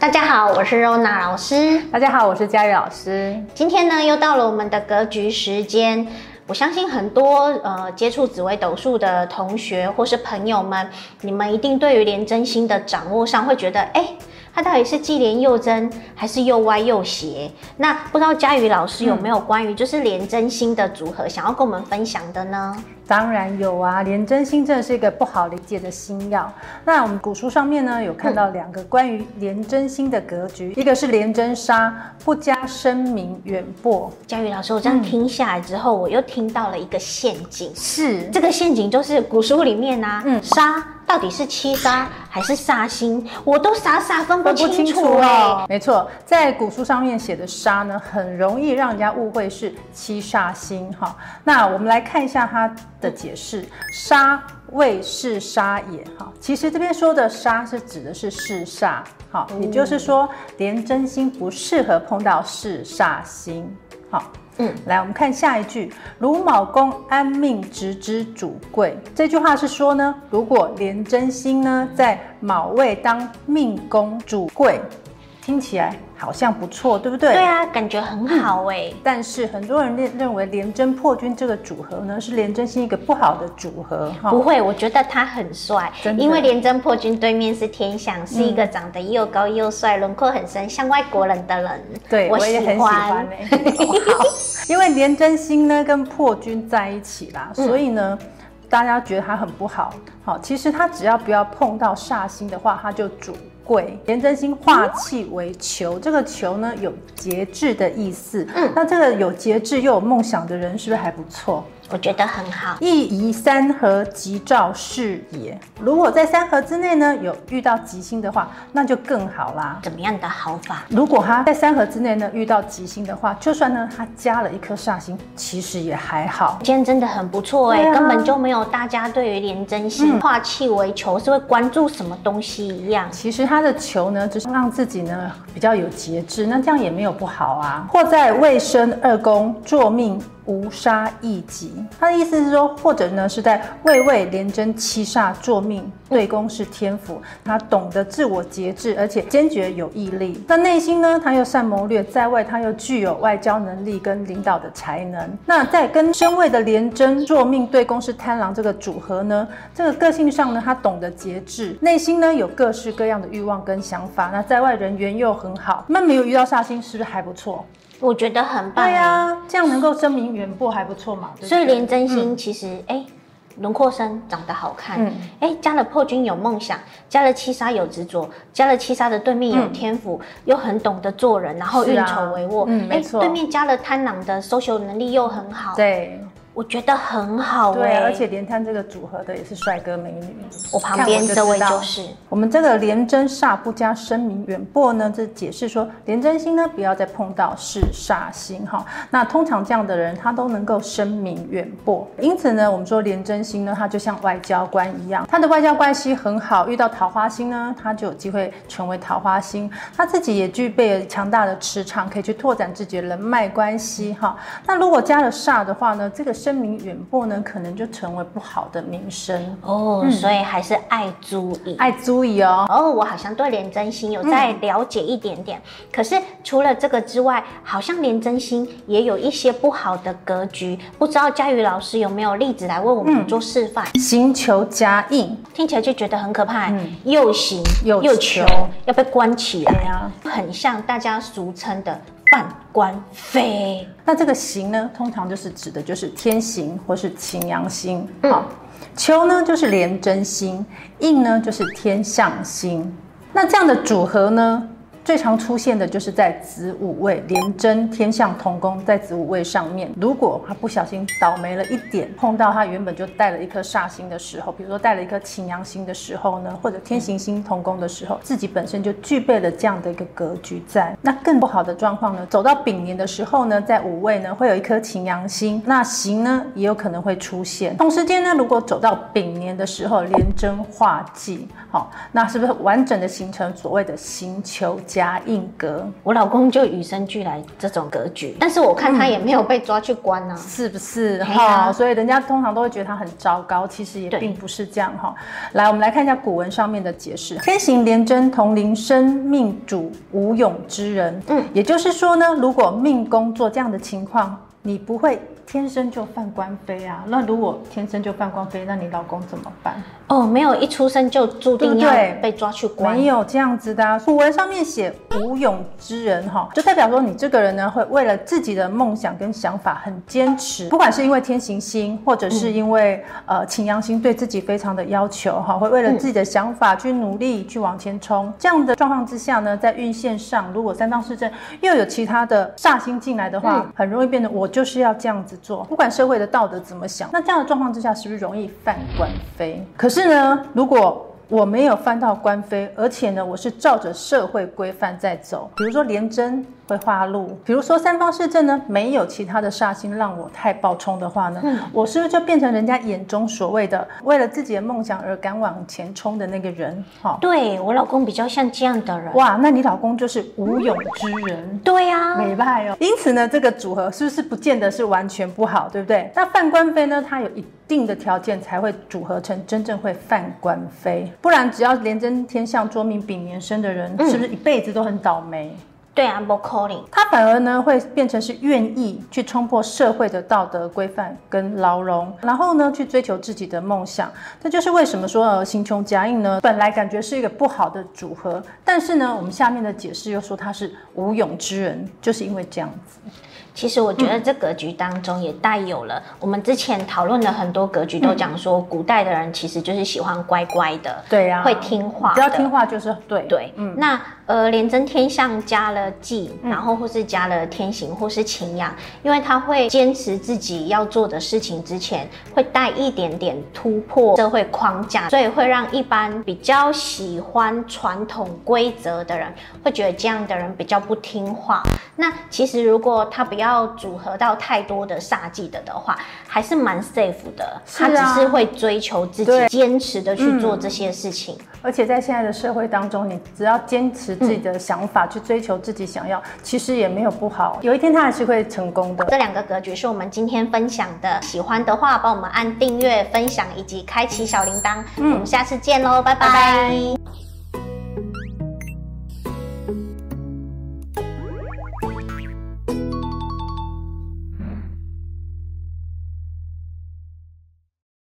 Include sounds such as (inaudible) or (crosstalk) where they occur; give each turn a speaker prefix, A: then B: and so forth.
A: 大家好，我是 Rona 老師。大家好，我是佳玉老師。今天呢，又到了我們的格局時間。我相信很多呃接觸紫微斗數的同學或是朋友們，你們一定對於廉貞心的掌握上，會覺得哎，欸它到底是既廉又貞，還是又歪又邪？那不知道嘉宇老師有沒有關於就是廉貞星的組合想要跟我們分享的呢？當然有啊，廉貞星真的是
B: 一個不好理解的星曜。那我們古書上面呢，有看到兩個關於廉貞
A: 星的格局，嗯、一個是廉貞殺不加，聲名遠播。嘉宇老師，我這樣聽下來之後，嗯、我又聽到了一個陷阱，是這個陷阱就是古書裡面啊。嗯，殺。到底是七殺，還是煞星，我都傻傻分，、欸、分不清楚哦。
B: 沒錯，在古書上面寫的“殺”呢，很容易讓人家誤會是七煞星哈。那我們來看一下它的解釋：“煞謂四煞也”哈，其實這邊說的“殺”是指的是四煞，嗯，也就是說，廉真星不適合碰到四煞星，好。嗯，來，我們看下一句，如卯宮安命，直之主貴。這句話是說呢，如果廉貞星呢在卯位當命宮主貴。聽起來好像不錯，對不對？對啊，感覺很好哎、欸。但是很多人認為廉真破軍這個組合呢，是廉真星一個不好的組合。不會，我覺
A: 得他很帥，因為廉真破軍對面是天相，是一個長得又高又帥、輪廓很深、嗯、像外國人的人。對，我，我也很喜歡、欸、
B: (laughs) (laughs) 因為廉真星呢跟破軍在一起啦，嗯、所以呢大家覺得他很不好。好，其實他只要不要碰到煞星的話，他就主。貴，廉貞星化氣為囚，這個囚呢，有節制的意思。嗯，那這個有節制又有夢想的人，是不是還不錯？
A: 我覺得很好，一
B: 移三合吉兆是也。如果在三合之內呢，有遇到吉星的話，那就更好啦。怎
A: 麼樣的好法？
B: 如果他在三合之內呢，遇到吉星的話，就算呢他加了一顆煞星，
A: 其實也還好。今天真的很不錯哎、欸啊，根本就沒有大家對於廉貞星化氣為囚是會關注什麼東西一樣。其實他的囚呢，只是讓自
B: 己呢比較有節制，那這樣也沒有不好啊。或在未生二宮坐命，無殺異疾，他的意思是說，或者呢是在未位廉貞七煞坐命，對宮是天府，他懂得自我節制，而且堅決有毅力。那內心呢，他又善謀略，在外他又具有外交能力跟領導的才能。那在跟申位的廉貞坐命，對宮是貪狼這個組合呢，這個個性上呢，他懂得節制，內心呢有各式各樣的慾望跟想法，那在外人緣又很好。那沒有遇到煞星，是不是還不錯？我覺得很棒、欸，對呀、啊，這樣能夠
A: 聲名遠播還不錯嘛。所以廉貞星其實，哎、嗯，輪、欸、廓生長得好看，哎、嗯欸，加了破軍有夢想，加了七殺有執着，加了七殺的對面有天府、嗯，又很懂得做人，然後運籌帷幄，嗯，欸、沒錯，對面加了貪狼的 social 能力又很好，對。我覺得很好，欸，對，而且連廉貪這個組合的也是帥哥
B: 美女。我旁邊這位，就是、就，就是。我們這個廉貞煞不加聲名遠播呢，這解釋說廉貞星呢，不要再碰到是煞星哈。那通常這樣的人他都能夠聲名遠播，因此呢，我們說廉貞星呢，他就像外交官一樣，他的外交關係很好。遇到桃花星呢，他就有機會成為桃花星。他自己也具備了強大的磁場，可以去拓展自己的人脈關係哈。那如果加了煞的話呢，這個。聲名遠播呢，可能就成為不好的名聲哦、
A: 嗯，所以還是愛注意愛注意哦。哦，我好像對廉貞心有在了解一點點、嗯，可是除了這個之外，好像廉貞心也有一些不好的格局，不知道佳宇老師有沒有例子來為我們做示範？嗯、刑囚夾印，聽起來就覺得很可怕，嗯、又刑又囚，要被關起來啊，很像大家俗稱的。半官非，那
B: 這個刑呢，通常就是指的就是天刑或是擎羊星好，嗯，囚呢就是廉貞星，印呢就是天相星，那這樣的組合呢？最常出現的就是在子午位廉貞天相同宮，在子午位上面，如果他不小心倒霉了一點，碰到他原本就帶了一顆煞星的時候，比如說帶了一顆擎羊星的時候呢，或者天刑星同宮的時候，自己本身就具備了這樣的一個格局在。那更不好的狀況呢，走到丙年的時候呢，在午位呢會有一顆擎羊星，那刑呢也有可能會出現。同時間呢，如果走到丙年的時候廉貞化忌，好，那是不是完整的形成所謂的刑囚？
A: 夾印格，我老公就與生俱來這種格局，但是我看，嗯、他也沒
B: 有被抓去關啊，是不是？哈、啊哦，所以人家通常都會覺得他很糟糕，其實也並不是這樣哈、哦。來，我們來看一下古文上面的解釋：天行廉貞同臨生命主無勇之人。嗯，也就是說呢，如果命宮做這樣的情況。你不會天生就犯官非啊？那如果天生就犯官非，那你老公怎麼辦？
A: 哦，沒有，一出生就注定要被抓去關？對對沒有這樣子的、啊。古文上面寫
B: 武勇之人哈，就代表說你這個人呢，會為了自己的夢想跟想法很堅持，不管是因為天刑星，或者是因為、嗯、呃擎羊星，對自己非常的要求哈，會為了自己的想法去努力去往前衝、嗯。這樣的狀況之下呢，在運線上，如果三方四正又有其他的煞星進來的話、嗯，很容易變得我。我就是要這樣子做，不管社會的道德怎麼想，那這樣的狀況之下，是不是容易犯官非？可是呢，如果我沒有犯到官非，而且呢，我是照着社會規範在走，比如說廉貞。會花路，比如說三方四正呢，沒有其他的煞星讓我太暴衝的話呢、嗯，我是不是就變成人家眼中所謂的為了自己的夢想而敢往前衝的那個人？哈、哦，對我老公比較像這樣的人。哇，那你老公就是無勇之人。對啊，沒敗哦。因此呢，這個組合是不是不見得是完全不好，對不對？那犯官非呢，他有一定的條件才會組合成真正會犯官非，不然只要廉貞天相坐命丙年生的人、嗯，是不是一輩子都很倒霉？對啊，不可能。他反而呢，會變成是願意去衝破社會的道德規範跟牢籠，然後呢，去追求自己的夢想。這就是為什麼說、呃、刑忌夾印呢，本來感覺是一個不好的組合，但是呢，我們下面的解
A: 釋又說他是無勇之人，就是因為這樣子。其實我覺得這格局當中也帶有了、嗯、我們之前討論的很多格局，都講說、嗯、古代的人其實就是喜歡乖乖的，對呀、啊，會聽話，只要聽話就是對對，嗯，那。呃，廉貞天相加了忌，然後或是加了天刑，或是擎羊、嗯，因為他會堅持自己要做的事情，之前會帶一點點突破社會框架，所以會讓一般比較喜歡傳統規則的人會覺得這樣的人比較不聽話。那其實如果他不要組合到太多的煞忌的的話，還是蠻 safe 的、啊。他只是會追求自己堅持的去做這些事情、
B: 嗯。而且在現在的社會當中，你只要堅持自己的想
A: 法去追求自己想要，其實也沒有不好。有一天他還是會成功的。嗯。這兩個格局是我們今天分享的。喜歡的話，幫我們按訂閱、分享以及開啟小鈴鐺。嗯。我們下次見嘍，拜拜。拜拜。